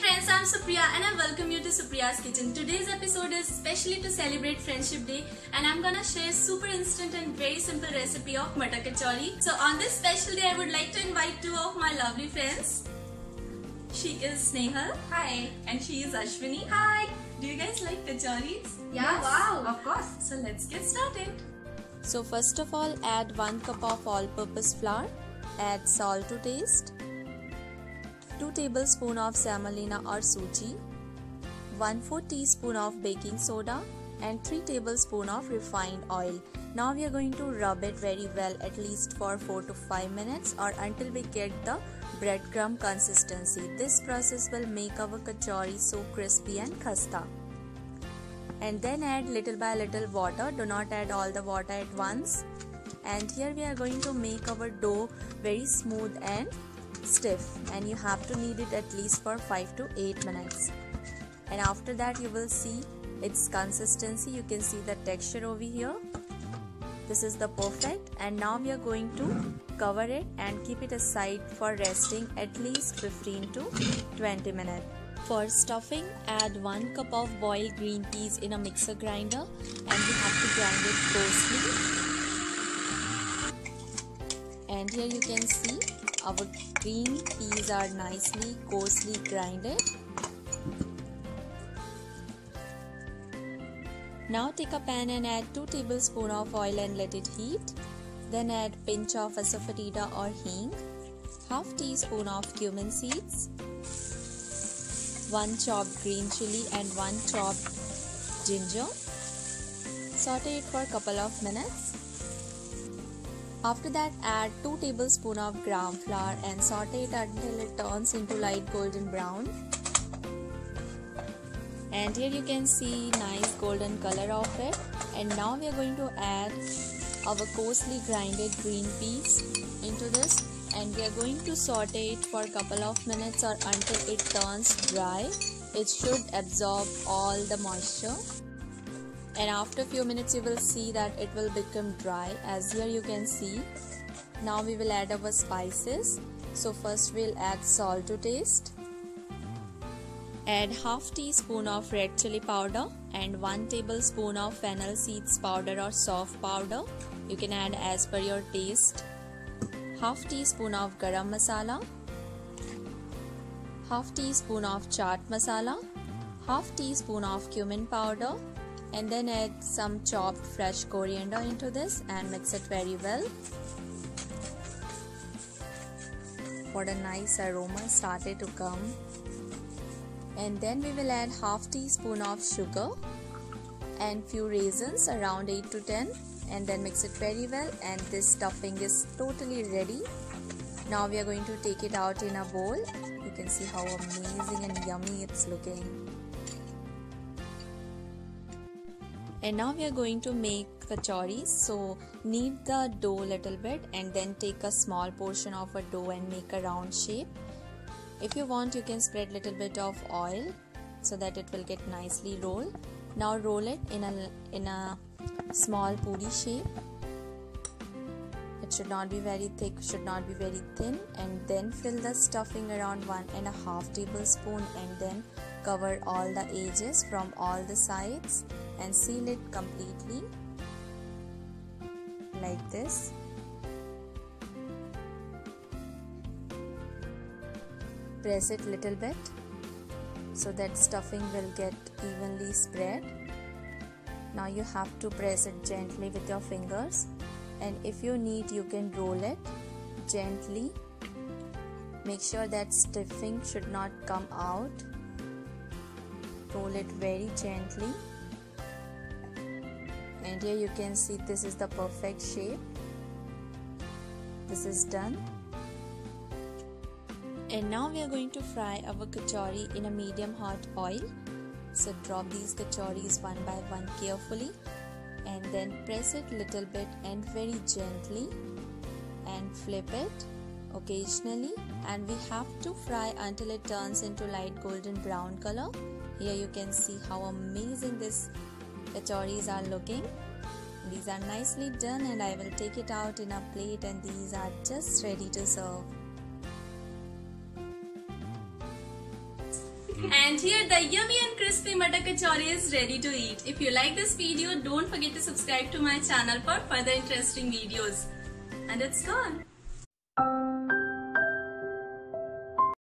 friends, I'm Supriya and I welcome you to Supriya's Kitchen. Today's episode is specially to celebrate Friendship Day and I'm gonna share super instant and very simple recipe of matar kachori. So on this special day, I would like to invite two of my lovely friends. She is Snehal. Hi. And she is Ashwini. Hi. Do you guys like kachoris? Yeah. Yes. Wow. Of course. So let's get started. So first of all, add 1 cup of all-purpose flour. Add salt to taste 2 tablespoon of semolina or suji, 1 4 teaspoon of baking soda and 3 tablespoon of refined oil. Now we are going to rub it very well at least for 4 to 5 minutes or until we get the breadcrumb consistency. This process will make our kachori so crispy and khasta. And then add little by little water. Do not add all the water at once. And here we are going to make our dough very smooth and stiff and you have to knead it at least for 5 to 8 minutes and after that you will see its consistency you can see the texture over here this is the perfect and now we are going to cover it and keep it aside for resting at least 15 to 20 minutes for stuffing, add 1 cup of boiled green peas in a mixer grinder and you have to grind it coarsely. And here you can see our green peas are nicely coarsely grinded. Now take a pan and add 2 tablespoon of oil and let it heat. Then add pinch of asafoetida or hing, half teaspoon of cumin seeds, 1 chopped green chili and 1 chopped ginger. Saute it for a couple of minutes. After that add 2 tablespoon of gram flour and saute it until it turns into light golden brown. And here you can see nice golden color of it. And now we are going to add our coarsely grinded green peas into this and we are going to saute it for a couple of minutes or until it turns dry. It should absorb all the moisture and after few minutes you will see that it will become dry as here you can see now we will add our spices so first we'll add salt to taste add half teaspoon of red chili powder and 1 tablespoon of fennel seeds powder or soft powder you can add as per your taste half teaspoon of garam masala half teaspoon of chaat masala half teaspoon of cumin powder and then add some chopped fresh coriander into this and mix it very well. What a nice aroma started to come. And then we will add half teaspoon of sugar and few raisins around 8 to 10 and then mix it very well and this stuffing is totally ready. Now we are going to take it out in a bowl. You can see how amazing and yummy it's looking. and now we are going to make kachoris so knead the dough little bit and then take a small portion of a dough and make a round shape if you want you can spread little bit of oil so that it will get nicely rolled now roll it in a in a small puri shape it should not be very thick should not be very thin and then fill the stuffing around one and a half tablespoon and then Cover all the edges from all the sides and seal it completely like this. Press it little bit so that stuffing will get evenly spread. Now you have to press it gently with your fingers and if you need you can roll it gently. Make sure that stuffing should not come out roll it very gently and here you can see this is the perfect shape this is done and now we are going to fry our kachori in a medium hot oil so drop these kachoris one by one carefully and then press it little bit and very gently and flip it occasionally and we have to fry until it turns into light golden brown color. Here you can see how amazing these kachoris are looking. These are nicely done and I will take it out in a plate and these are just ready to serve. Mm. And here the yummy and crispy matar kachori is ready to eat. If you like this video, don't forget to subscribe to my channel for further interesting videos. And it's gone.